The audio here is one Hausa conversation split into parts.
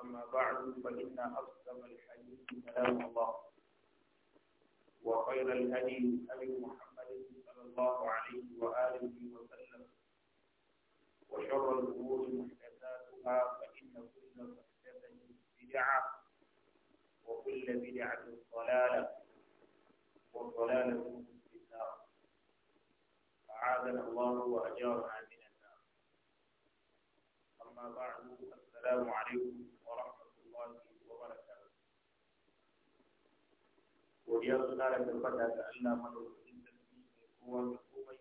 أما بعد فإن أصدق الحديث كلام الله وخير الهدي أبي محمد صلى الله عليه وآله وسلم وشر الأمور محدثاتها فإن كل محدثة بدعة وكل بدعة ضلالة وضلالة في النار أعاذنا الله وأجارنا من النار أما بعد السلام عليكم godiya su da tabbata ga Allah madaukakin sarki mai kowa da komai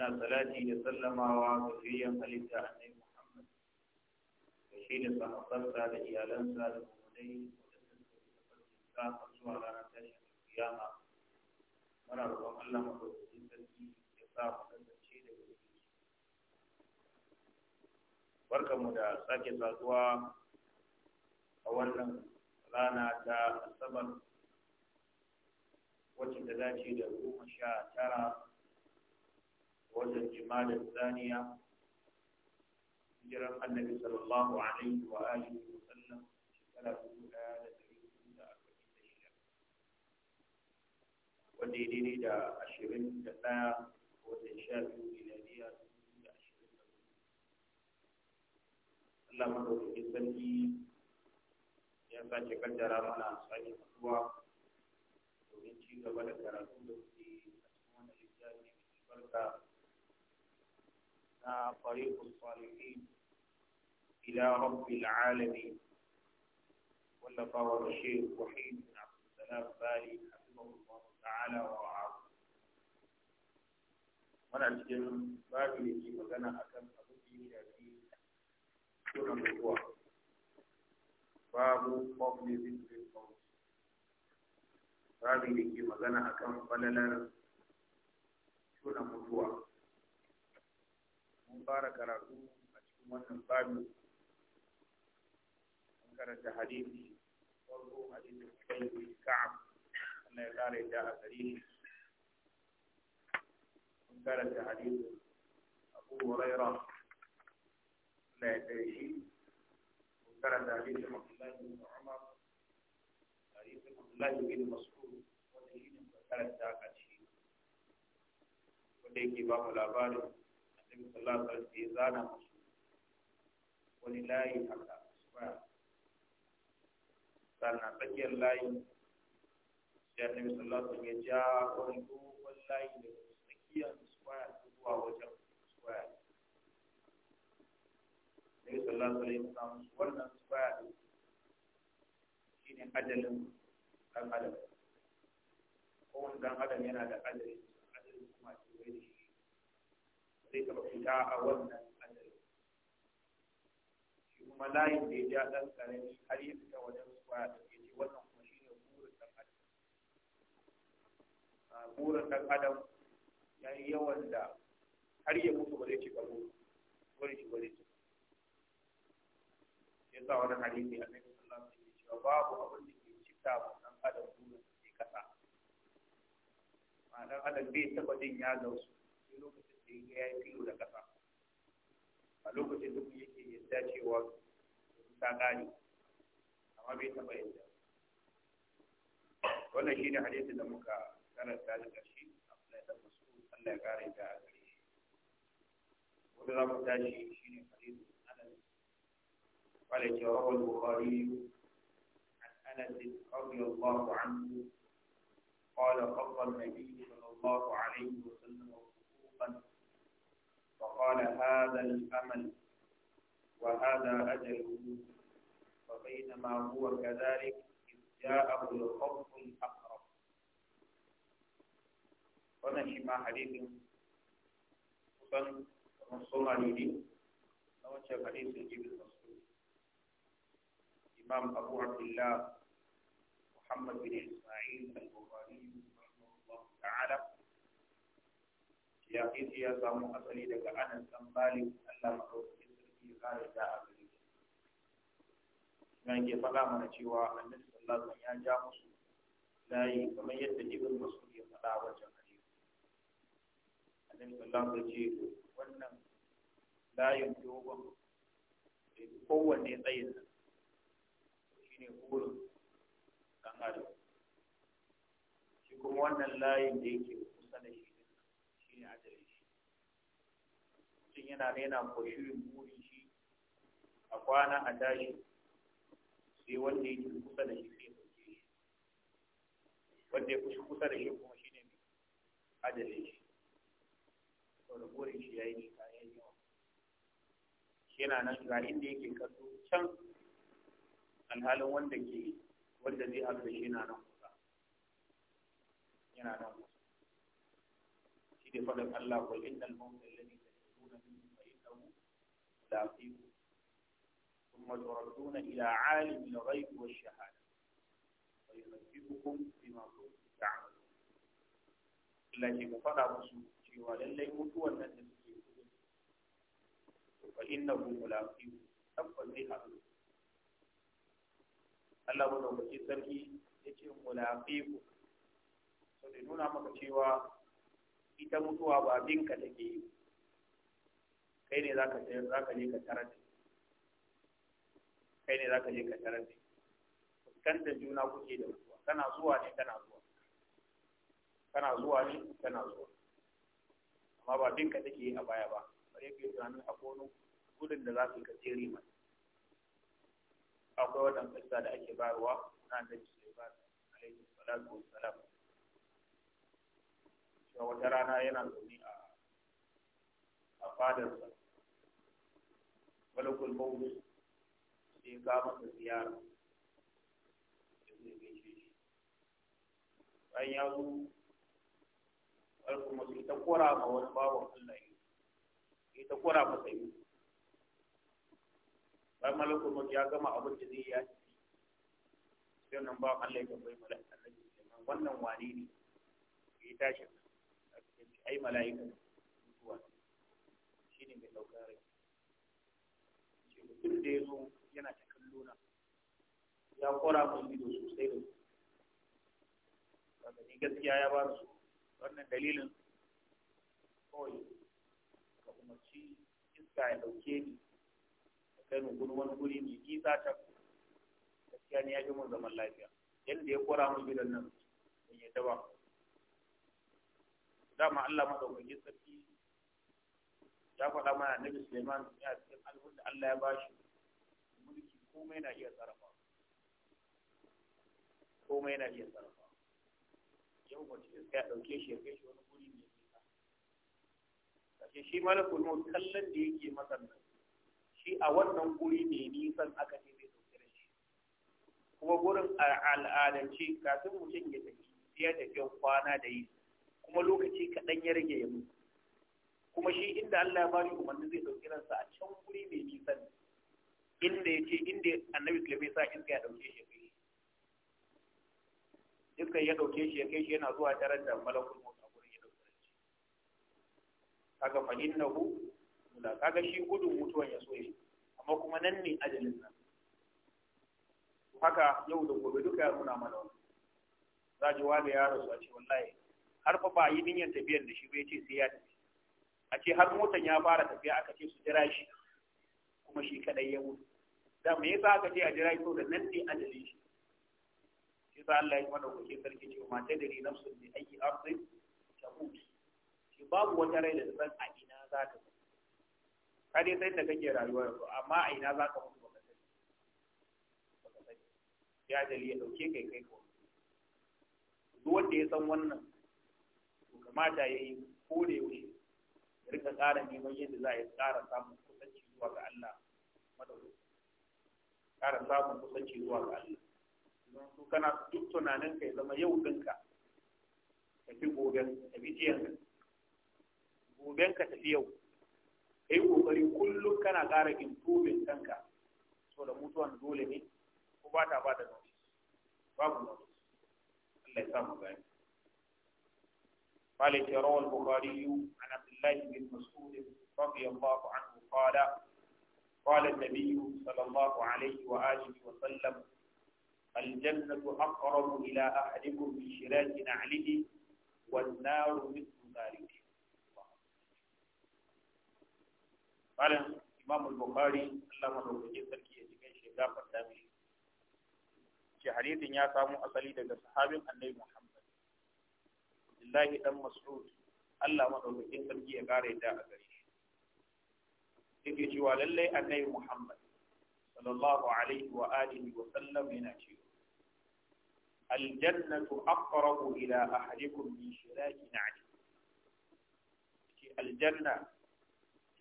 muna salati da sallamawa ga fiyayyen halitta annabi Muhammad da shi da sahabbansa da iyalansa da mumunai da suka zuwa ranar tashin kiyama muna roƙon Allah madaukakin sarki ya sa mu kasance da gari barkanmu da sake saduwa a wannan rana ta asabar wacce ta dace da goma sha tara wajen jimalar zaniya hijiran annabi sallallahu alaihi wa alihi wa sallam shekara dubu ɗaya da dari hudu da arba'in da shida wanda ya daidai da ashirin da daya wajen sha biyu miladiya dubu da ashirin da hudu Allah madaukakin sarki ya sake kaddara mana sake haduwa domin ci gaba da karatu da kuke a cikin wannan littafi mai barka na fariqus salihin ila rabbil alamin wallafa wa shaykh wahid bin abdulsalam bali hafizahullah ta'ala wa ra'ah muna cikin babu da ke magana akan abin da ya shafi sunan kowa babu fadli zikrin qawm babin da ke magana akan falalar tuna mutuwa mun fara karatu a cikin wannan babin an karanta hadisi farko hadisin kai ka'ab Allah ya kare da a gare shi mun karanta hadisin Abu Hurairah Allah ya kare shi karanta hadisin Abdullahi bin Umar hadisin Abdullahi bin Mas'ud wanda shi ne karanta a ciki wanda yake ba mu labarin annabi sallallahu alaihi ya zana musu wani layi haka square sannan tsakiyar layi sai annabi sallallahu alaihi ya ja wani dogon layi daga tsakiyar square zuwa wajen Nabi sallallahu alaihi wasallam wannan su baya da shine ajalin dan adam kowane dan adam yana da adalin ajalin kuma shi bai da shi zai taba fita a wannan adalin. shi kuma layin da ya ja dan karami har ya fita wajen su baya da ke wannan kuma shine burin dan adam A ah, burin dan adam yayi yawan da har ya mutu ba zai ci gaba wani shi ba zai ci yasa wani hadisi a cikin sallallahu alaihi wasallam babu abin da ke cika wannan adam dole sai kasa ma'anar adam bai taba jin ya gausu sai lokacin da ya yi filo da kasa a lokacin da yake yadda cewa ta gane amma bai taba yadda wannan shine hadisin da muka karanta da ƙarshe Abdullahi da Mas'ud Allah ya kare ta a gare shi wanda za mu tashi shine hadisin قال رواه البخاري عن انس رضي الله عنه قال خط النبي صلى الله عليه وسلم صفوفا فقال هذا الامل وهذا اجله فبينما هو كذلك اذ جاءه الخط الاقرب ونشي ما حديث kusan kamar somali ne na wancan hadisin الإمام أبو عبد الله محمد بن إسماعيل البخاري رحمه الله تعالى يا أخي يا سامو أصلي لك أنا سنبالي الله مروك إسرائيل قال جاء بريد من يفقى من أشيواء النبي صلى الله عليه وسلم يا جامس لا يكمن يتجيب المسؤول يفقى وجه annabi sallallahu alaihi wasallam wannan layin dogon kowanne tsayin kurin ɗan adam shi kuma wannan layin da yake kusa da shi shi ne ajali shi mutum yana ne na shirin burin shi a kwana a tashi sai wanda yake kusa da shi sai ɗauke shi wanda ya kusa kusa da shi kuma shi ne ajali shi saboda burin shi ya yi nisa yi yawa shi yana nan ga inda yake kasu can alhalin wanda ke wanda zai haɗu da shi na nan kusa yana nan kusa shi ne faɗin Allah wa innal mawta alladhi tashkuruna minhu da innahu laqiku thumma turaduna ila alim al-ghaib wa ash-shahada fa yunabbiukum bima kuntum ta'malun Allah ke ku faɗa musu cewa lallai mutuwan nan da suke kudu fa hu mulaqi tabbas zai haɗu Allah mu dauki sarki yace mulaqiku so da nuna maka cewa ita mutuwa ba binka take yi kai ne zaka je zaka je ka tarar kai ne zaka je ka tarar da juna kuke da mutuwa kana zuwa ne kana zuwa kana zuwa ne kana zuwa amma ba binka take yi a baya ba bare ke tunanin akwai wani gudun da za su ka tsere mata akwai wannan kasa da ake bayarwa na annabi Sulaiman alaihi salatu Salam. cewa wata rana yana zaune a a sa malakul mawdu sai ka masa ziyara ya zai gaishe shi bayan ya zo al'umma sai ta kora ma wani bawan Allah ya ita kora masa yi bayan malakul maut ya gama abin da zai ya ci sai nan ba Allah ya tambayi malakul maut wannan wane ne ya tashi ai mala'ika mutuwa shi ne mai ɗaukar rai shi mutum da ya zo yana ta kallo na ya kora mun ido sosai da su kaga ni gaskiya ya ba su wannan dalilin kawai ka umarci iska ya dauke ni kai mu gudu wani guri mai isa ta gaskiya ne ya ji mun zaman lafiya yadda ya kora mun gidan nan mun yadda ba dama Allah ma madaukakin sarki ya faɗa mana Nabi Suleiman ya cikin alhun da Allah ya bashi mulki komai na iya sarrafa komai na iya sarrafa yau mace iska ya ɗauke shi ya kai shi wani guri mai nisa kashe shi malakul maut kallon da yake masa nan shi a wannan guri ne nisan aka ce zai dauke da shi kuma gurin al'adance kafin mutum ya tafi ya tafi kwana da yi kuma lokaci kaɗan ya rage ya mutu kuma shi inda Allah ya bari umarni zai dauki ransa a can guri mai nisan inda ya ce inda annabi sulaiman sa iska ya dauke shi kai iska ya dauke shi ya kai shi yana zuwa tarar da malakul maut a gurin ya dauke shi kaga fa innahu kula kaga shi gudun mutuwan ya so shi amma kuma nan ne ajalin nan haka yau da gobe duka ya nuna mana wani za ji wani ya rasu a ce wallahi har fa ba yi niyyar tafiyar da shi ya ce sai ya tafi a ce har motan ya fara tafiya aka ce su jira shi kuma shi kadai ya mutu da me yasa aka ce a jira shi da nan ne ajalin shi shi sa Allah ya mana kuke sarki ce ma ta dare nafsu ne aiki arzi ta mutu shi babu wata rai da zan a ina za ta mutu ka dai san da kake rayuwa yanzu amma a ina za ka mutu ba kai? sani ya dali ya dauke kai kai ko duk wanda ya san wannan to kamata yayi ko da yaushe ya rika ƙara neman yadda za a yi ƙara samun kusanci zuwa ga Allah madaukaki ƙara samun kusanci zuwa ga Allah Idan su kana duk tunanin ka ya zama yau ɗinka fi goben tafi jiyan goben ka tafi yau kai kokari kullum kana ƙara improving kanka so da mutuwan dole ne ko ba ta ba da nauyi babu nauyi Allah ya samu gani قال روى البخاري عن عبد الله بن مسعود رضي الله عنه قال قال النبي صلى الله عليه وآله وسلم الجنة أقرب إلى أحدكم من شراك نعله والنار مثل ذلك malam imam al-bukhari Allah madaukakin sarki ya cikin shi gafarta mishi Shi hadithin ya samu asali daga sahabin annabi Muhammad Abdullahi dan Mas'ud Allah madaukakin sarki ya kare da a gare shi yake cewa lallai annabi Muhammad sallallahu alaihi wa alihi wa sallam yana cewa aljannatu aqrabu ila ahadikum min shiraki na'am aljanna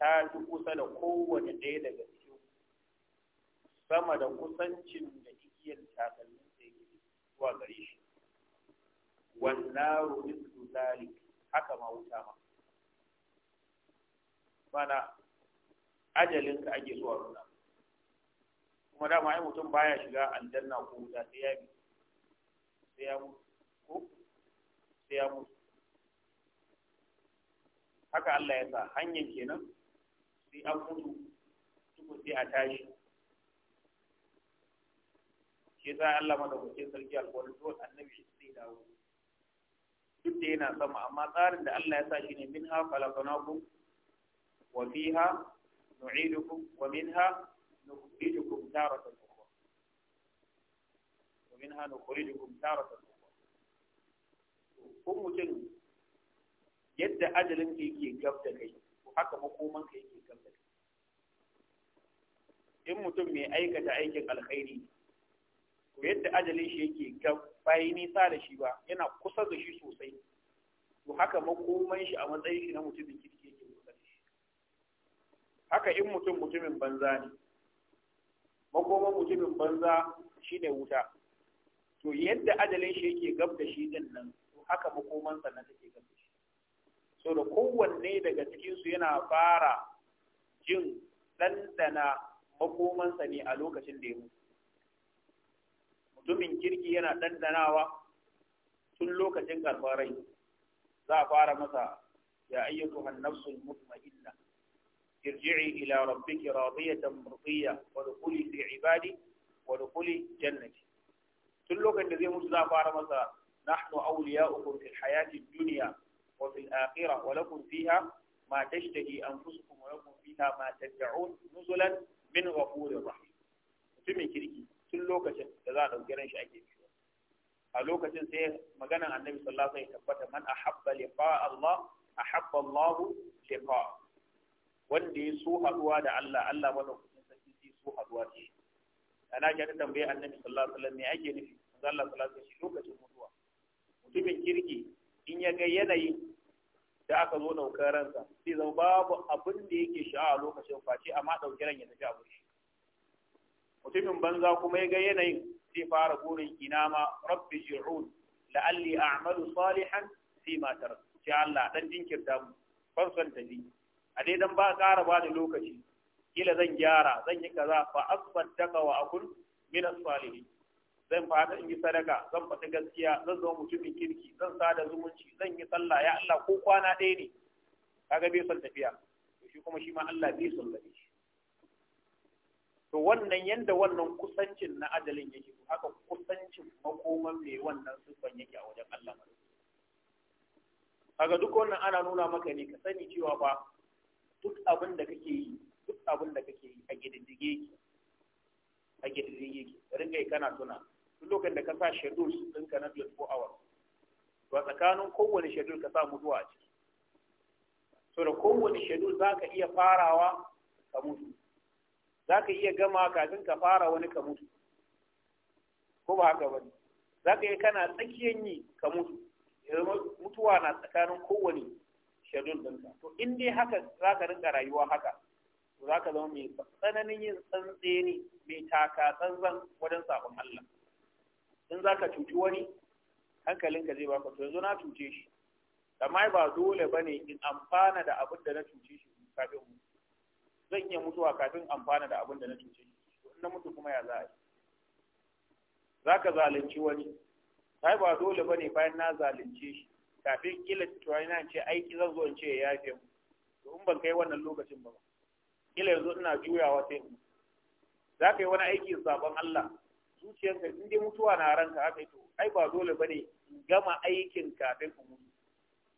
ta ji kusa da kowane ɗaya daga cikin sama da kusancin da igiyar takalmin da yi zuwa gare shi wannaru mislu zalik haka ma wuta ma mana ajalin ka ake zuwa runa kuma dama ai mutum baya shiga aljanna ko wuta sai ya bi sai ya mutu ko sai ya mutu haka Allah ya sa hanyar kenan sai an mutu tukun sai a tashi shi sa Allah madaukakin sarki alƙawarin dole annabi shi sai dawo duk da yana sama amma tsarin da Allah ya sa shi ne minha khalaqnakum wa fiha nu'idukum wa minha nukhrijukum taratan ukhra wa minha nukhrijukum taratan ukhra kun mutum yadda ajalin ke yake gab da kai haka makoman ka yake kan kai in mutum mai aikata aikin alkhairi to yadda ajalin shi yake ga bayi nisa da shi ba yana kusa da shi sosai to haka makoman shi a matsayin shi na mutumin kirki yake kusa da shi haka in mutum mutumin banza ne makoman mutumin banza shine wuta to yadda ajalin shi yake gab da shi din nan to haka makomansa na take gab da shi so da kowanne daga cikinsu yana fara jin ɗanɗana makomansa ne a lokacin da ya mutu mutumin kirki yana ɗanɗanawa tun lokacin karɓar rai za a fara masa ya ayyatu hannafsul mutmainna irji'i ila rabbiki radiyatan murdiya wa dukhuli fi ibadi wa dukhuli jannati tun lokacin da zai mutu za a fara masa nahnu awliya'ukum fil hayati dunya وفي الآخرة ولكم فيها ما تشتهي أنفسكم ولكم فيها ما تدعون نزلا من غفور رحيم mutumin kirki tun lokacin da za a ɗauki ran shi ake biyo a lokacin sai maganan annabi sallallahu alaihi wasallam tabbata man ahabba Allah wanda ya so haduwa da Allah Allah madaukakin sarki sai so haduwa da ana ga ta tambaye annabi sallallahu alaihi wasallam me ake nufi Allah sallallahu alaihi wasallam lokacin mutuwa mutumin kirki in ya ga yanayin da aka zo daukar ransa sai zama babu abin da yake sha'a lokacin face amma ɗauki ran ya tafi abu shi mutumin banza kuma ya ga yanayin zai fara burin ina ma rabbi ji'un la'alli a'malu salihan fi ma tara sai Allah dan jinkirta mu ta ji a dai dan ba ƙara ba da lokaci kila zan gyara zan yi kaza fa asbattaka wa akun min as-salihin zan fada in yi sadaka zan faɗi gaskiya zan zama mutumin kirki zan sada zumunci zan yi sallah ya Allah ko kwana ɗaya ne kaga bai son tafiya shi kuma shi ma Allah bai son da shi to wannan yanda wannan kusancin na adalin yake to haka kusancin makoman mai wannan sufan yake a wajen Allah kaga duk wannan ana nuna maka ne ka sani cewa ba duk abin da kake yi duk abin da kake yi a gidan dige a gididdige ki ringa kana tuna duk lokacin da ka sa schedule ɗinka na 24 hours to tsakanin kowane shedul ka sa mutuwa a ciki so da kowane shedul za ka iya farawa ka mutu za ka iya gama kafin ka fara wani ka mutu ko ba haka wani za ka iya kana tsakiyan yi ka mutu mutuwa na tsakanin kowane shedul ɗinka to in dai haka za ka rinka rayuwa haka to za ka zama mai tsananin yin tsantseni mai taka tsantsan wajen sabon Allah in za ka cuci wani hankalinka zai baka to yanzu na cuce shi amma ba dole ba ne in amfana da abin da na cuce shi kafin mu zan iya mutuwa kafin amfana da abin da na cuce shi in na mutu kuma ya za a yi za ka zalunci wani sai ba dole ba ne bayan na zalunce shi kafin kila turai na ce aiki zan zo in ce ya yafe mu to in ban kai wannan lokacin ba kila yanzu ina juyawa sai mu za ka yi wani aiki zaben Allah zuciyarka in dai mutuwa na ranka haka to ai ba dole bane in gama aikin kafin in mutu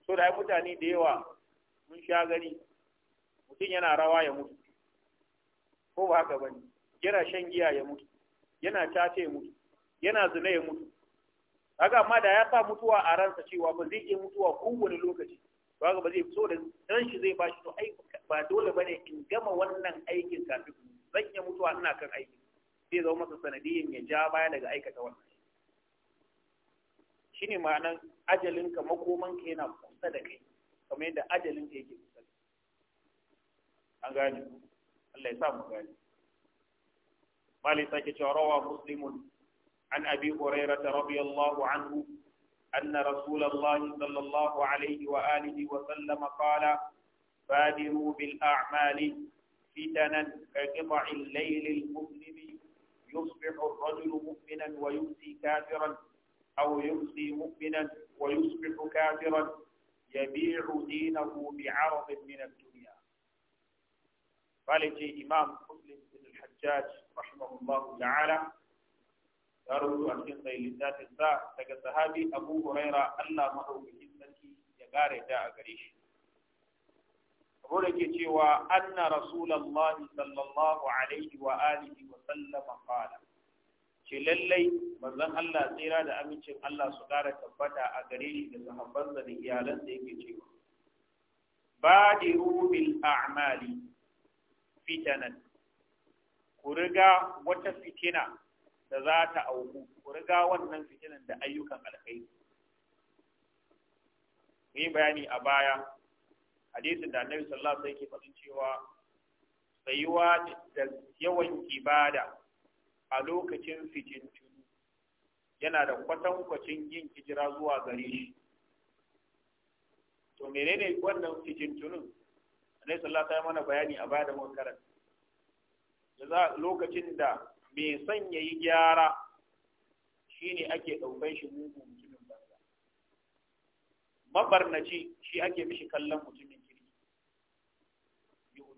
so da ai mutane da yawa mun sha gani mutum yana rawa ya mutu ko ba haka bane yana shan giya ya mutu yana tace ya mutu yana zina ya mutu haka amma da ya sa mutuwa a ransa cewa ba zai iya mutuwa kowane lokaci ba ga ba zai so da dan shi zai bashi to ai ba dole bane in gama wannan aikin kafin zan iya mutuwa ina kan aikin zai zama masa sanadiyin ya ja baya daga aikata wannan shine ma'anar ajalinka makomanka yana kusa da kai kamar yadda ajalinka yake kusa da an gane Allah ya sa mu gane mali sake cewa rawa muslimun an abi hurairah radiyallahu anhu أن رسول الله صلى الله عليه وآله وسلم قال بادروا بالأعمال فتنا كقطع الليل المظلم يصبح الرجل مؤمنا ويمسي كافرا أو يمسي مؤمنا ويصبح كافرا يبيع دينه بعرض من الدنيا قالت إمام مسلم بن الحجاج رحمه الله تعالى يرد أن كنت لذات الساعة تجد أبو هريرة ألا مدعو بجنة يقارئ دا قريش saboda ke cewa anna rasulullahi sallallahu alaihi wa alihi wa sallama qala ce lallai manzon Allah tsira da amincin Allah su kara tabbata a gare shi da sahabbansa da iyalansa yake cewa badiru bil a'mali fitanan ku riga wata fitina da za ta auku ku riga wannan fitinan da ayyukan alkhairi mun bayani a baya hadisin da annabi sallallahu alaihi wasallam yake faɗin cewa tsayuwa da yawan ibada a lokacin fitintu yana da kwatankwacin yin hijira zuwa gare shi to menene wannan fitintunun annabi sallallahu alaihi mana bayani a baya da mun karanta da lokacin da mai son yayi gyara shine ake ɗaukan shi mugun mutumin banza mabarnaci shi ake mishi kallon mutumin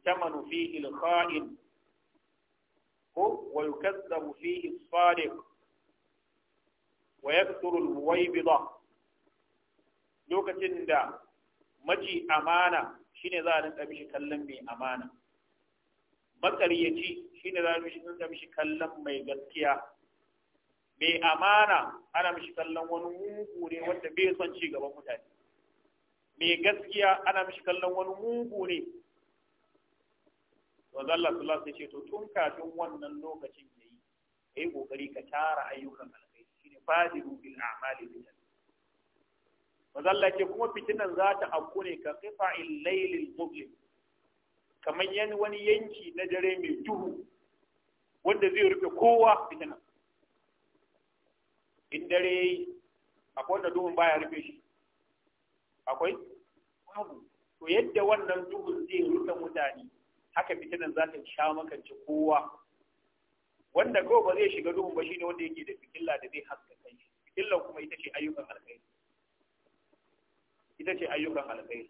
يؤتمن فيه الخائن ويكذب فيه الصادق ويكثر المويبضة لوكتين دا مجي أمانة شين ذا نتبش كلم بي أمانة makaryaci shine za mu shi mishi kallon mai gaskiya mai amana ana mishi kallon wani mugu ne wanda bai son ci gaban mutane mai gaskiya ana kallon wani mugu ne Wazalla Allah sallallahu ce to tun kafin wannan lokacin yi, ka yi kokari ka tara ayyukan alkhairi shine fadilu bil a'mali bitan manzo Allah ce kuma fitinan za ta abu ne ka qifa'il lailin muzlim kamar yan wani yanki na dare mai duhu wanda zai rufe kowa fitinan in dare ya yi, akwai wanda duhun baya rufe shi akwai babu to yadda wannan duhun zai rufe mutane haka fitinan za ta sha makanci kowa wanda kawai ba zai shiga duhun ba shine wanda yake da fitilla da zai haska kai fitillan kuma ita ce ayyukan alkhairi ita ce ayyukan alkhairi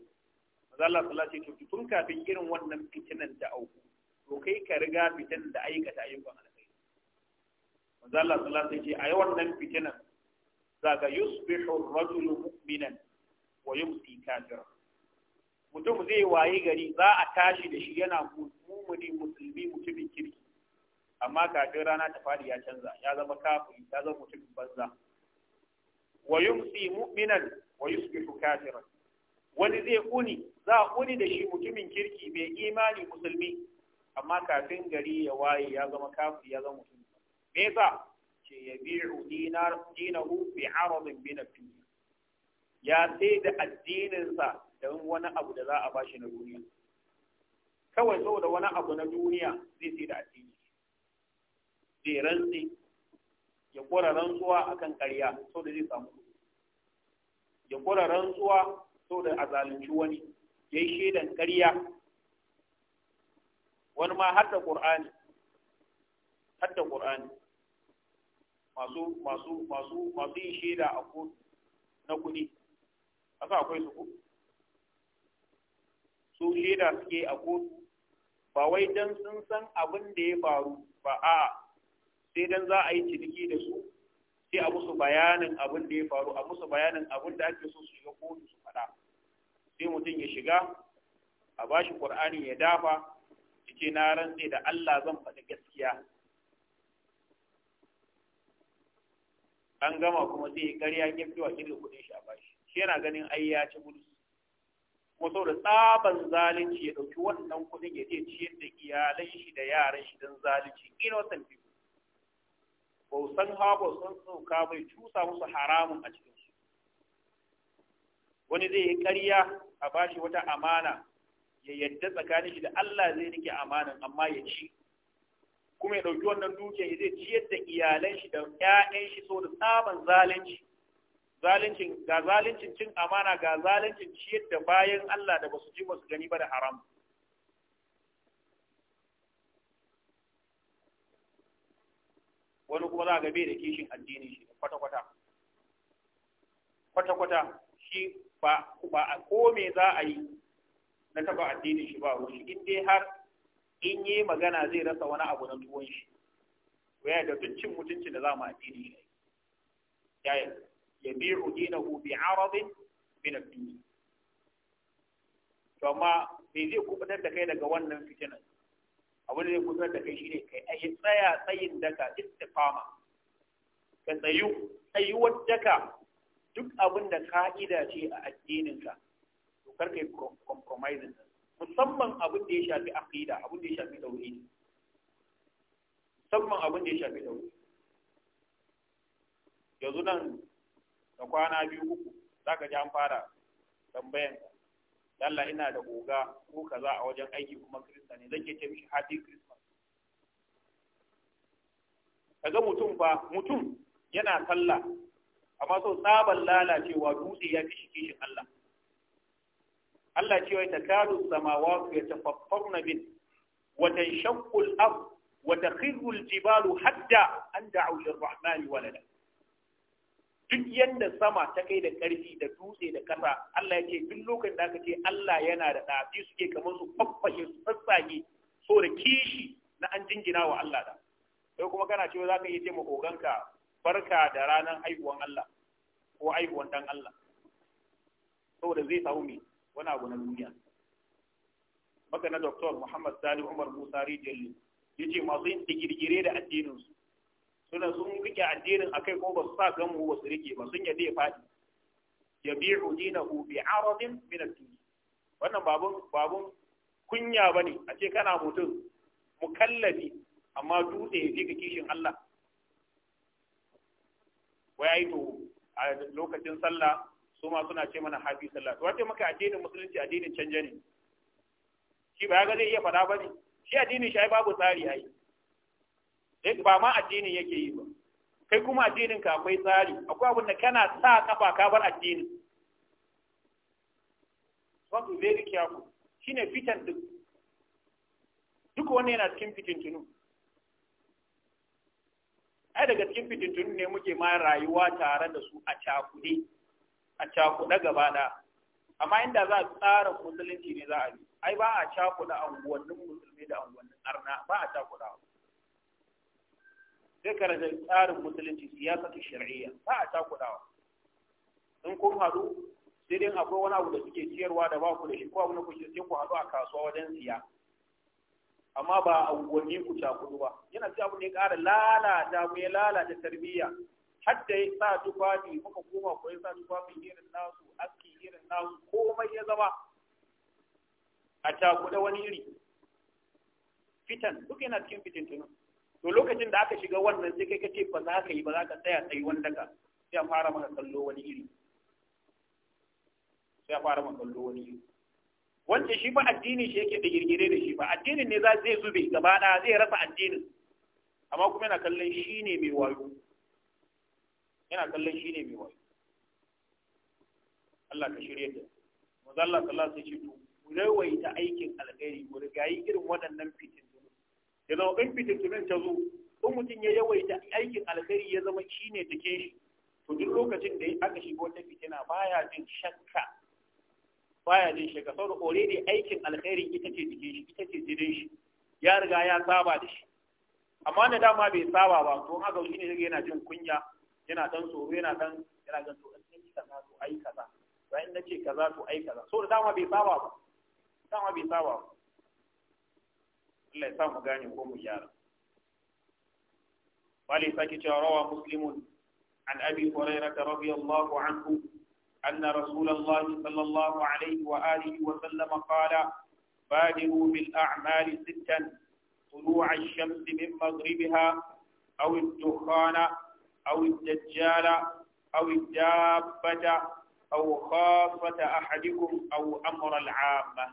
maza Allah sallallahu alaihi wasallam tun kafin irin wannan fitinan da auku to kai ka riga fitan da aikata ayyukan alkhairi maza Allah sallallahu alaihi wasallam a yawan nan fitinan zaka yusbihu ar-rajulu mu'minan wa yumsi kafiran mutum zai waye gari za a tashi da shi yana mummuni musulmi mutumin kirki amma kafin rana ta fadi ya canza ya zama kafiri ya zama mutumin banza wa yumsi mu'minan wa yusbihu kafiran wani zai kuni za a kuni da shi mutumin kirki mai imani musulmi amma kafin gari ya waye ya zama kafiri ya zama mutum me yasa ce ya bi'u dinar dinahu bi aradin min ad-dunya ya sai da addininsa da wani abu da za a bashi na duniya kawai saboda wani abu na duniya zai sai da addini zai rantsi ya kora rantsuwa akan ƙarya saboda zai samu ya kora rantsuwa saboda a zalunci wani ya yi shaidan ƙarya wani ma har da ƙur'ani har da ƙur'ani masu masu masu masu yin shaida a kotu na kuɗi asa akwai su su da suke a kotu ba wai dan sun san abin da ya faru ba a sai dan za a yi ciniki da su sai a musu bayanin abin da ya faru a musu bayanin abin da ake so su shiga kotu su faɗa sai mutum ya shiga a shi qur'ani ya dafa yace na rantse da Allah zan faɗi gaskiya an gama kuma sai ya ƙarya ya fi wa kuɗin shi a bashi shi yana ganin ai ya ci gudu kuma saboda tsaban zalunci ya ɗauki wannan kuɗin ya je ciyar da iyalan shi da yaran shi don zalunci innocent people ba san haɓo sun tsoka bai cusa musu haramun a cikin su wani zai yi ƙarya a bashi wata amana ya yadda tsakanin shi da Allah zai rike amanan amma ya ci kuma ya ɗauki wannan dukiyar ya zai ciyar da iyalan shi da ƴaƴan shi saboda tsaban zalunci zalincin ga zalincin cin amana ga zalincin ciyar da bayan Allah da basu ji basu gani ba da haram wani kuma za a bai da kishin addini shi kwata-kwata kwata-kwata shi ba a kome za a yi na taba addini shi ba wani in dai har in yi magana zai rasa wani abu na tuwon shi ya da duk cin mutunci da za mu addini shi ya yarda yabi'u dinahu bi 'aradin min ad-dunya to amma me zai kubutar da kai daga wannan fitinan abin da zai kubutar da kai shine kai A yi tsaya tsayin daka istiqama ka tsayu tsayuwar daka duk abin da ka'ida ce a addininka to kar kai compromising musamman abin da ya shafi aqida abin da ya shafi tauhidi musamman abin da ya shafi tauhidi yanzu nan da kwana biyu uku za ka ji an fara tambayan Yalla ina da goga ko kaza a wajen aiki kuma kirista ne zan ke ce mishi happy christmas kaga mutum fa mutum yana sallah amma so tsaban lalacewa dutse ya fi shi kishin Allah Allah cewa ta karu samawa ya tafaffarna bin wata shakkul ab wata khirul jibalu hadda an da'u rahmani walada duk yadda sama ta kai da ƙarfi da dutse da ƙasa Allah ya ce duk lokacin da aka ce Allah yana da ɗafi suke kamar su faffashe su sassage so da kishi na an jingina wa Allah da sai kuma kana cewa za ka iya ce ma barka da ranar haihuwan Allah ko haihuwan dan Allah saboda zai samu me wani abu na duniya maka na Dr. Muhammad Sani Umar Musa Rijalli ya ce masu yin digirgire da su. suna sun rike addinin akai ko ba su sa gamu ba su rike ba sun yadda ya faɗi ya bi'u dinahu bi aradin min al din wannan babun babun kunya bane a ce kana mutum mukallafi amma dutse ya fika kishin Allah wai ai to a lokacin sallah su ma suna ce mana hafi sallah to wace maka addinin musulunci addinin canje ne shi ba ga zai iya faɗa bane shi addinin shi ai babu tsari ai Eh, ba ma addinin yake yi ba kai kuma addinin ka akwai tsari akwai abin da kana sa kafa ka bar addini so to very careful shine fitan duk duk wanda yana cikin fitin tunu ai daga cikin fitin tunu ne muke ma rayuwa tare da su a cakude a cakude gaba da amma inda za a tsara musulunci ne za a yi ai ba a cakuda anguwannin musulmi da anguwannin arna ba a cakuda Sai karanta tsarin musulunci siyasa ta shari'a ba a takudawa in kun haɗu sai dai akwai wani abu da suke ciyarwa da ba ku da shi ko abu na kuke sai ku haɗu a kasuwa wajen siya amma ba a unguwanni ku kudu ba yana sai abu ne ƙara lalata ku ya lalata tarbiyya hadda ya sa tufafi muka koma ko ya sa tufafi irin nasu aski irin nasu komai ya zama a cakuda wani iri fitan duk yana cikin fitintunan to lokacin da aka shiga wannan sai kai kace ba za ka yi ba za ka tsaya tsayi wanda ka sai a fara maka kallo wani iri sai a fara maka kallo wani iri wanda shi ba addini shi yake da girgire da shi ba addinin ne za zai zube gaba ɗaya zai rasa addinin amma kuma yana kallon shi ne mai wayo yana kallon shi ne mai wayo Allah ka shirye da mu Allah sallallahu alaihi wasallam sai ce to mu rawaita aikin alkhairi mu rigayi irin waɗannan fitin ya wakan in fitintunan ta zo in mutum ya yawaita aikin alkhairi ya zama shi ne jikin shi to duk lokacin da aka shiga wata fitina baya jin shakka baya jin shakka saboda already aikin alkhairi ita ce jikin shi ita ce jinin shi ya riga ya saba da shi amma na dama bai saba ba to haka shi ne yana jin kunya yana dan tsoro yana dan yana tsoro. to in kaza to ai kaza bayan nace kaza to ai kaza so da dama bai saba ba dama bai saba ba Allah ya sa mu gane ko mu gyara wali sake cewa rawa muslimun an abi hurairah radiyallahu anhu أن رسول الله صلى الله عليه وآله وسلم قال بادروا بالأعمال ستا طلوع الشمس من مغربها أو الدخان أو الدجال أو الدابة أو خافة أحدكم أو أمر العامة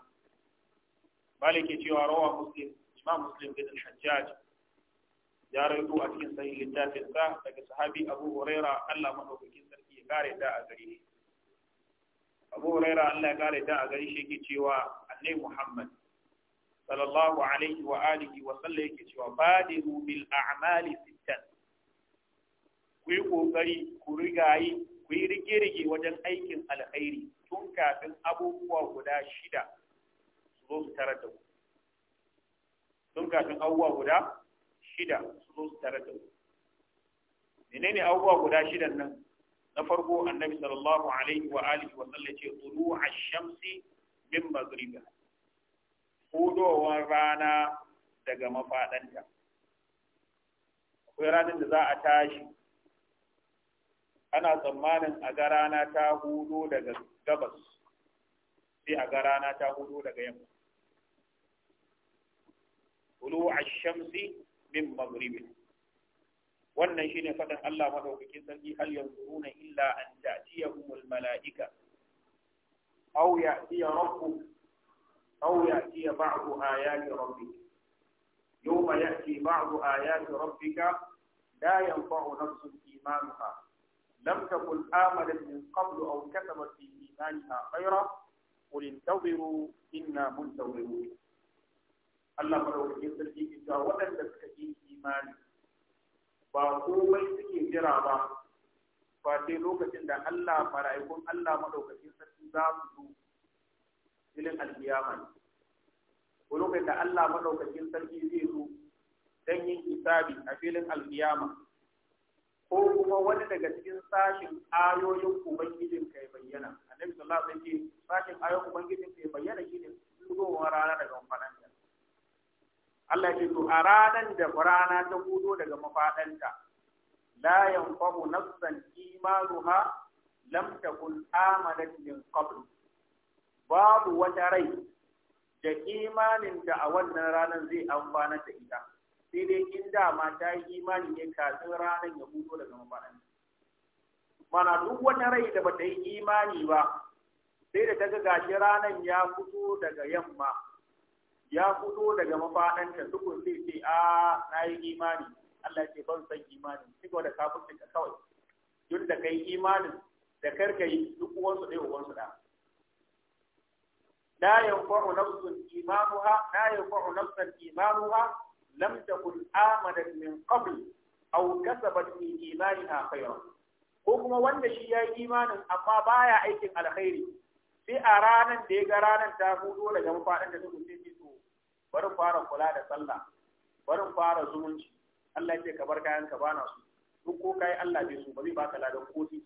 مالك روى مسلم imam muslim bin al-hajjaj ya rawaito a cikin sahih littafin sa daga sahabi abu huraira Allah madaukakin sarki ya kare da a gare shi abu huraira Allah ya kare da a gare shi yake cewa annabi muhammad sallallahu alaihi wa alihi wa sallam yake cewa badiru bil a'mali sittan ku yi kokari ku rigayi ku yi rige-rige wajen aikin alkhairi tun kafin abubuwa guda shida su zo su tarar da ku tun kafin abubuwa guda shida su zo su tare da ne menene abubuwa guda shidan nan na farko annabi sallallahu alaihi wa alihi wa sallam ce tulu ash-shamsi min maghribiha hudowar rana daga mafadanta akwai ranar da za a tashi ana tsammanin a ga rana ta hudo daga gabas sai a ga rana ta hudo daga yamma tulu ash-shamsi min wannan shine fadan Allah madaukakin sarki hal yanzuruna illa an ta'tiyahum al-mala'ika aw ya'tiya rabbuhum أو يأتي بعض آيات ربك يوم يأتي بعض آيات ربك لا ينفع نفس إيمانها لم تكن آمنت من قبل أو كتبت في إيمانها خيرا قل انتظروا إنا منتظرون Allah madaukakin sarki ke cewa waɗanda suka yi imani ba komai suke jira ba ba sai lokacin da Allah mara'ikun Allah madaukakin sarki za su zo filin alkiyama ne ko lokacin da Allah madaukakin sarki zai zo don yin hisabi a filin alkiyama ko kuma wani daga cikin sashin ayoyin ubangijin kai bayyana annabi sallallahu alaihi ce sashin ayoyin ubangijin kai bayyana shine zuwa ranar rana daga faɗan Allah ya a ranan da rana ta gudo daga mafaɗanta la yanfa'u nafsan imanuha lam takun amanat min qabl babu wata rai da imanin da a wannan ranar zai amfana da ita sai dai in dama ta yi imani ne kafin ranar ya gudo daga mafaɗanta mana duk wata rai da bata yi imani ba sai da ta ga gashi ranar ya fito daga yamma ya fito daga mafaɗanta dukun sai ce a na yi imani Allah ce ban san imani ci da kafin ka kawai duk da kai imanin da karka yi duk wansu ɗaya uwansu da la yanfa'u nafsun imanuha la yanfa'u nafsan imanuha lam takun amanat min qabl aw kasabat fi imaniha khayran ko kuma wanda shi ya yi imanin amma baya aikin alkhairi sai a ranar da ya ga ranar ta hudo daga mafaɗanta sai sai barin fara kula da sallah barin fara zumunci Allah ce ka bar kayan ka bana su duk ko kai Allah bai su ba zai baka ladan kofi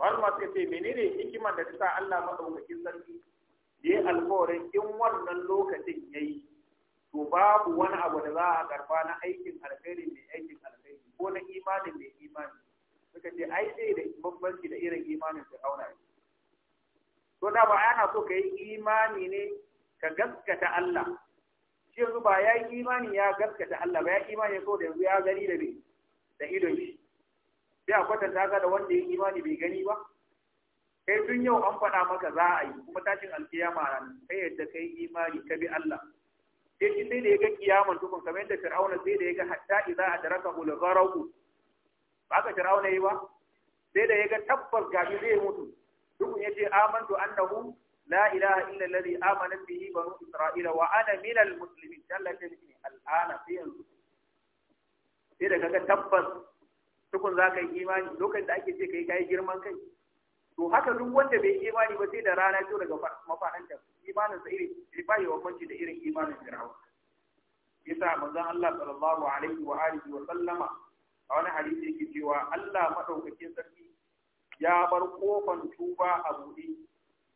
malama ma ce menene hikimar da ta sa Allah madaukakin sarki ya alkawarin in wannan lokacin ya yi to babu wani abu da za a karfa na aikin alkhairi mai aikin alkhairi ko na imanin mai imani suka ce ai sai da bambanci da irin imanin fir'auna ne to da ba ana so ka yi imani ne ka gaskata Allah shi yanzu ba ya yi imani ya gaskata Allah ba ya yi imani so da ya gani da me da idon shi sai a kwatanta ka da wanda ya yi imani bai gani ba kai tun yau an faɗa maka za a yi kuma tashin alkiyama ran kai yadda kai imani ka bi Allah sai shi sai da ya ga kiyaman tukun kamar yadda Fir'auna sai da ya ga hatta idza adraka al-gharq ba ka Fir'auna yi ba sai da ya ga tabbas gabi zai mutu duk ya ce amantu annahu la ilaha illa alladhi amanat bihi banu isra'ila wa ana min almuslimin Allah al'ana sai yanzu sai da kaga tabbas tukun za ka yi imani lokacin da ake ce kai kai girman kai to haka duk wanda bai imani ba sai da rana to daga mafaranta imanin sa irin rifayi wa da irin imanin firawa yasa manzon Allah sallallahu alaihi wa alihi wa sallama a wani hadisi yake cewa Allah madaukakin sarki ya bar kofan tuba a buɗe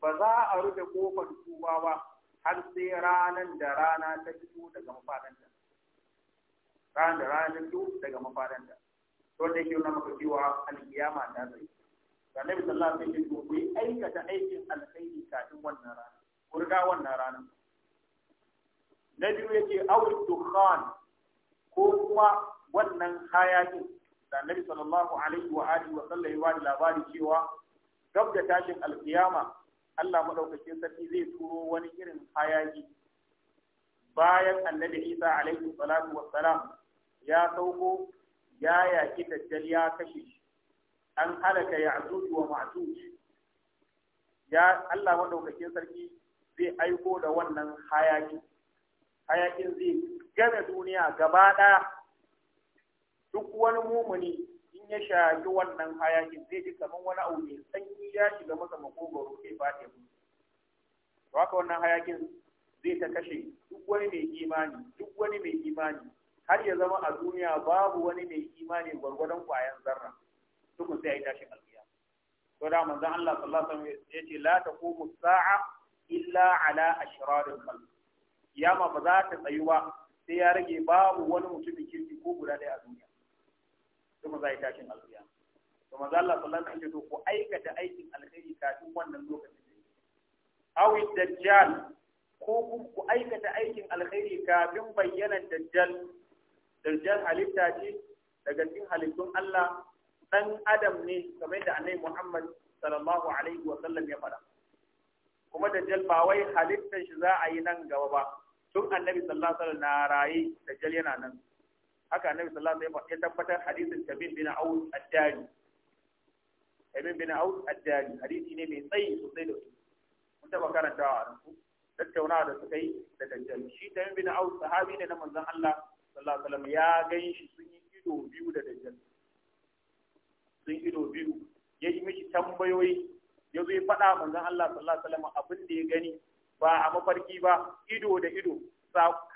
ba za a rufe kofar tuba ba har sai ranan da rana ta fito daga mafadanta ranan da rana ta fito daga mafadanta to da yake nuna maka cewa alkiyama ta zai, da nabi sallallahu alaihi wasallam ku yi aikata aikin alkhairi kafin wannan rana ku riga wannan rana na biyu yake awul dukhan ko kuma wannan hayakin da nabi sallallahu alaihi wa alihi wa sallam ya da labari cewa gab da tashin alkiyama Allah maɗaukakin sarki zai turo wani irin hayaki bayan annabi Isa alaihi salatu wassalam ya sauko ya yaki tattal ya kashe shi an halaka ya wa ma'zuj ya Allah madaukakin sarki zai aiko da wannan hayaki hayakin zai game duniya gaba ɗaya duk wani mumuni in ya shafi wannan hayakin zai ji kamar wani abu mai sanyi ya shiga masa makogoro sai faɗi mu to haka wannan hayakin zai ta kashe duk wani mai imani duk wani mai imani har ya zama a duniya babu wani mai imani gwargwadon kwayan zarra duk sai ai tashi alkiya to da manzon Allah sallallahu alaihi wasallam yace la taqumu sa'a illa ala ashraril khalq kiyama ba za ta tsayu ba sai ya rage babu wani mutumin kirki ko guda ɗaya a duniya kuma za a yi tashin alƙiya to maza Allah sallallahu alaihi wasallam ce ku aikata aikin alkhairi kafin wannan lokacin ne awi dajjal ko ku aikata aikin alkhairi kafin bayyanar dajjal dajjal halitta ce daga cikin halittun Allah dan adam ne kamar da annabi Muhammad sallallahu alaihi wa sallam ya faɗa kuma dajjal ba wai halittar shi za a yi nan gaba ba tun annabi sallallahu alaihi wasallam na raye dajjal yana nan haka annabi sallallahu alaihi wasallam ya tabbatar hadisin tabin bin aus ad-dari tabin bin aus ad-dari hadisi ne mai tsayi sosai da su mun taba karantawa a ranku tattaunawa da suka yi da dajjal shi tabin bin aus sahabi ne na manzon Allah sallallahu alaihi wasallam ya gan shi sun yi ido biyu da dajjal sun ido biyu ya yi mishi tambayoyi ya zo ya faɗa manzon Allah sallallahu alaihi wasallam abin da ya gani ba a mafarki ba ido da ido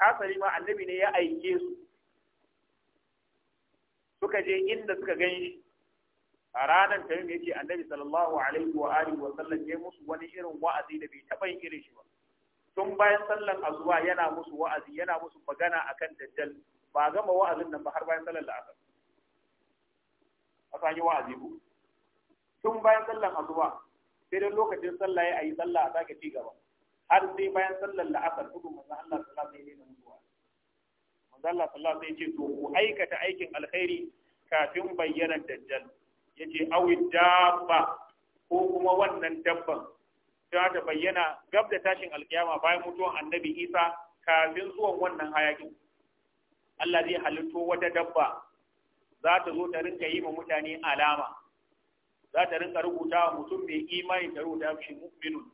kasari ma annabi ne ya aike su suka je inda suka gan shi a ranar tamim ya ce annabi sallallahu alaihi wa alihi wa sallam ya musu wani irin wa'azi da bai taɓa yin irin shi ba tun bayan sallan azuwa yana musu wa'azi yana musu magana akan dajjal ba gama wa'azin nan ba har bayan sallan la'asar a yi wa'azi ku tun bayan sallan azuwa sai dai lokacin sallah ya yi sallah a sake ci gaba har sai bayan sallan la'asar kudu manzo Allah sallallahu alaihi wa sallam Allah sallallahu alaihi ce to ku aikata aikin alkhairi kafin bayyanar dajjal yace awi dabba ko kuma wannan dabban za ta bayyana gab da tashin alkiyama bayan mutuwar annabi Isa kafin zuwan wannan hayakin Allah zai halitto wata dabba za ta zo ta rinka yi wa mutane alama za ta rinka rubuta wa mutum mai imani ta rubuta shi mu'minun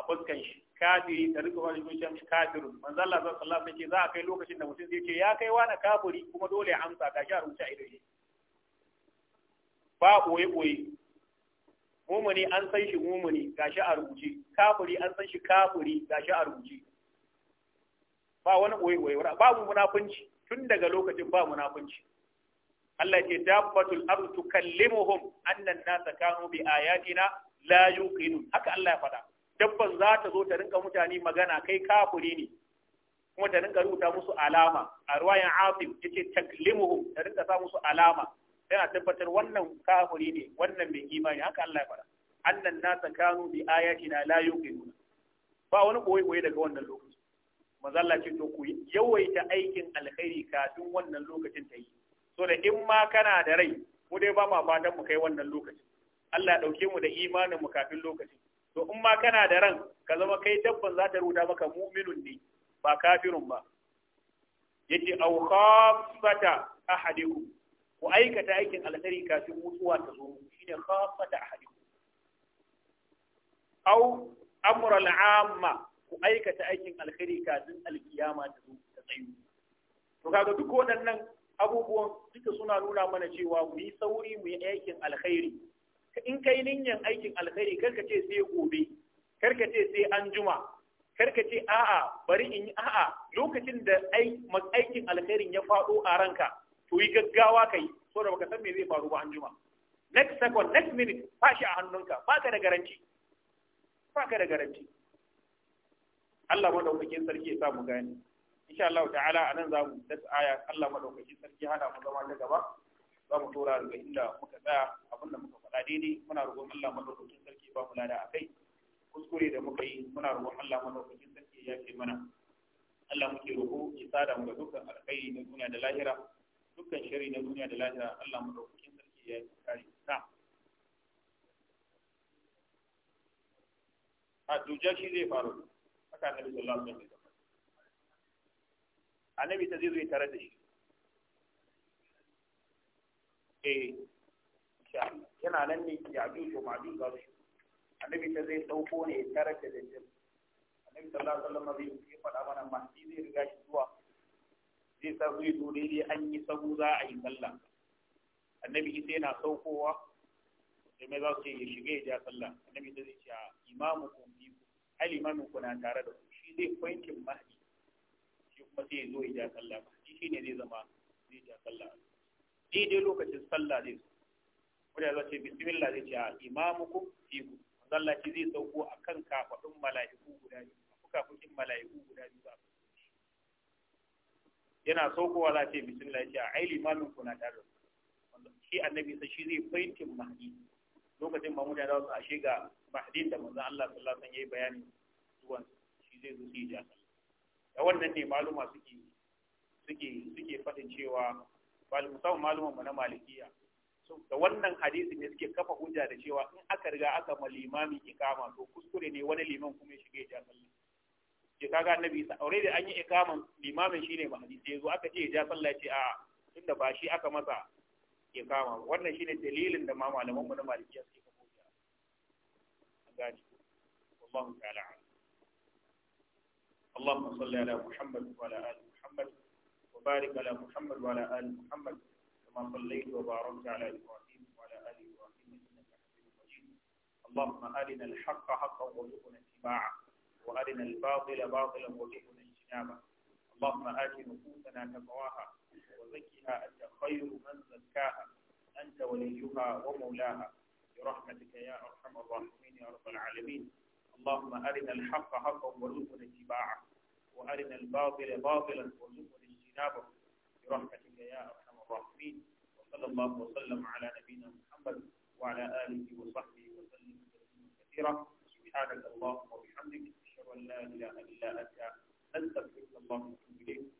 a fuskan shi kafiri da rika wani zuciyar kafirun manzo Allah sallallahu alaihi wasallam za a kai lokacin da mutum zai ce ya kai wani kafiri kuma dole ya amsa ga shi a rubuce a ido ba boye boye mumuni an san shi mumuni shi a rubuce kafiri an san shi kafiri shi a rubuce ba wani boye boye ba mu munafunci tun daga lokacin ba munafunci Allah ce dabbatul ardu tukallimuhum annan nasa kanu bi ayatina la yuqinun haka Allah ya faɗa dabban za ta zo ta rinka mutane magana kai kafuri ne kuma ta rinka rubuta musu alama a ruwayan afif ya ce taklimuhu ta rinka sa musu alama yana tabbatar wannan kafuri ne wannan mai imani haka Allah ya fara annan nasa kanu bi ayatina la yuqinuna ba wani koyi koyi daga wannan lokaci manzo ce to ku yawaita aikin alkhairi kafin wannan lokacin ta yi so da in ma kana da rai mu dai ba ma fatan mu kai wannan lokacin Allah ya dauke mu da imanin mu kafin lokacin to in ma kana da ran ka zama kai dabban za ta ruda maka mu'minun ne ba kafirun ba yace aw khaffata ahadikum ku aikata aikin alheri kafin mutuwa ta zo shine khafata ahadikum aw amra al'amma ku aikata aikin alheri kafin alkiyama ta zo ta tsayu to kaga duk waɗannan abubuwan duka suna nuna mana cewa mu yi sauri mu yi aikin alheri. in kai niyyar aikin alkhairi karka ce sai gobe karka ce sai an juma karka ce a'a bari in yi a'a lokacin da aikin alkhairin ya faɗo a ranka to yi gaggawa kai saboda baka san me zai faru ba an juma next second next minute ba shi a hannunka ba ka da garanti ba ka da garanti Allah madaukakin sarki ya sa mu gane insha Allah ta'ala anan za mu dasa aya Allah madaukakin sarki hada mu zama da gaba za mu tura daga inda muka tsaya abinda muka faɗa daidai muna roƙon Allah madaukakin sarki ba mu lada akai kuskure da muka yi muna roƙon Allah madaukakin sarki ya ce mana Allah muke roƙo ya sada mu ga dukkan alkhairi na duniya da lahira dukkan shari na duniya da lahira Allah madaukakin sarki ya kare ta a duja shi zai faru haka annabi sallallahu alaihi wasallam annabi ta zai zo tare da shi eh yana nan ne ya bi ko ma bi za su annabi ta zai dauko ne ya tarar da dindin annabi sallallahu alaihi wasallam zai faɗa mana masu zai riga shi zuwa zai sa zai zo daidai an yi sabu za a yi sallah annabi ita yana saukowa sai mai za su ce ya shiga ya ja sallah annabi ta zai ce imamu kun bi ku al imamu na tare da ku shi zai kwankin mahdi shi kuma sai ya zo ya ja sallah shi ne zai zama zai ja sallah daidai lokacin sallah zai zo wanda ya zace bismillah zai ce a imamukum biyu. sallah ki zai sauko akan kafadun mala'iku guda biyu fukafukin mala'iku guda biyu ba yana saukowa za ce bismillah zai ce a ai limamin ku na tare shi annabi sai shi zai faitin mahdi lokacin ba da zasu ashe ga mahdin da manzon Allah sallallahu alaihi wasallam yayi bayani zuwan shi zai zo shi ja da wannan ne maluma suke suke suke fadin cewa musamman malumin mu na malikiya da wannan hadisi ne suke kafa hujja da cewa in aka riga aka ma limami ikama to kuskure ne wani liman kuma ya shiga ya sallah ke kaga annabi sa aure da an yi ikaman limamin shine ba hadisi yazo aka ce ya sallah ce a tunda ba shi aka masa ikama wannan shine dalilin da ma malaman mu na malikiya suke kafa hujja gani wallahu ta'ala اللهم صل على محمد وعلى ال محمد وبارك على محمد وعلى آل محمد كما صليت وباركت على إبراهيم وعلى آل إبراهيم إنك حميد مجيد اللهم أرنا الحق حقا وارزقنا اتباعه وأرنا الباطل باطلا وارزقنا اجتنابه اللهم آت نفوسنا تقواها وزكها أنت خير من زكاها أنت وليها ومولاها برحمتك يا أرحم الراحمين يا رب العالمين اللهم أرنا الحق حقا وارزقنا اتباعه وأرنا الباطل باطلا وارزقنا كتابه برحمتك يا أرحم الراحمين وصلى الله وسلم على نبينا محمد وعلى آله وصحبه وسلم تسليما كثيرا سبحانك اللهم وبحمدك أشهد أن لا إله إلا أنت أستغفرك اللهم وأتوب إليك